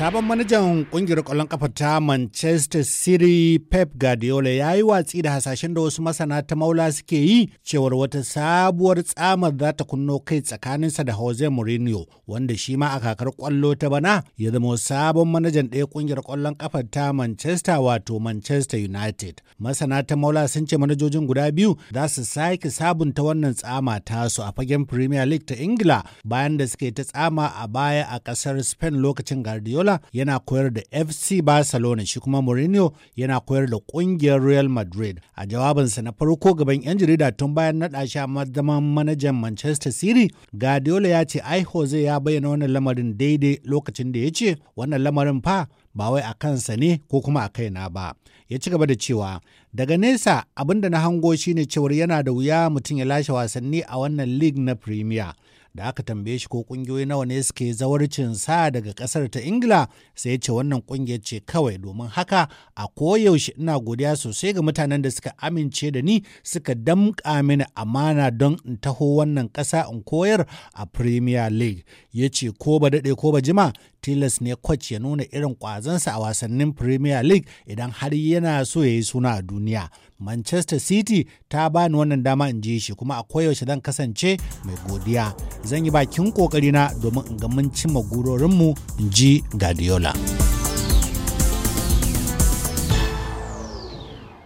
Sabon manajan kungiyar ƙwallon kafa ta Manchester City Pep Guardiola ya yi watsi da hasashen da wasu masana ta maula suke yi cewar wata sabuwar tsamar za ta kunno kai tsakaninsa da Jose Mourinho wanda shi ma a kakar ƙwallo ta bana ya zama sabon manajan ɗaya kungiyar ƙwallon kafa ta Manchester wato Manchester United. Masana ta maula sun ce manajojin guda biyu za su sake sabunta wannan tsama tasu a fagen Premier League ta Ingila bayan da suke ta tsama a baya a ƙasar Spain lokacin Guardiola Guardiola yana koyar da FC Barcelona shi kuma Mourinho yana koyar da kungiyar Real Madrid. A jawabinsa na farko gaban 'yan jarida tun bayan naɗa shi a zaman manajan Manchester City, Guardiola ya ce ai Jose ya bayyana wannan lamarin daidai lokacin da ya ce wannan lamarin fa ba wai a kansa ne ko kuma a kaina ba ya ci gaba da cewa daga nesa abinda na hango shine cewar yana da wuya mutum ya lashe wasanni a wannan league na premier da aka tambaye shi ko kungiyoyi nawa ne suke zawarcin sa daga kasar ta ingila sai yace ce wannan kungiyar ce kawai domin haka a koyaushe ina godiya sosai ga mutanen da suka amince da ni suka damƙa mini amana don in taho wannan ƙasa in koyar a premier league ya ce ko ba daɗe ko ba jima tilas ne coach ya nuna irin kwazansa a wasannin premier league idan har yana so ya yi suna a duniya manchester city ta bani wannan dama in je shi kuma a koyaushe zan kasance mai godiya zan yi bakin kokarina domin in ga mun cimma gurorinmu in ji guardiola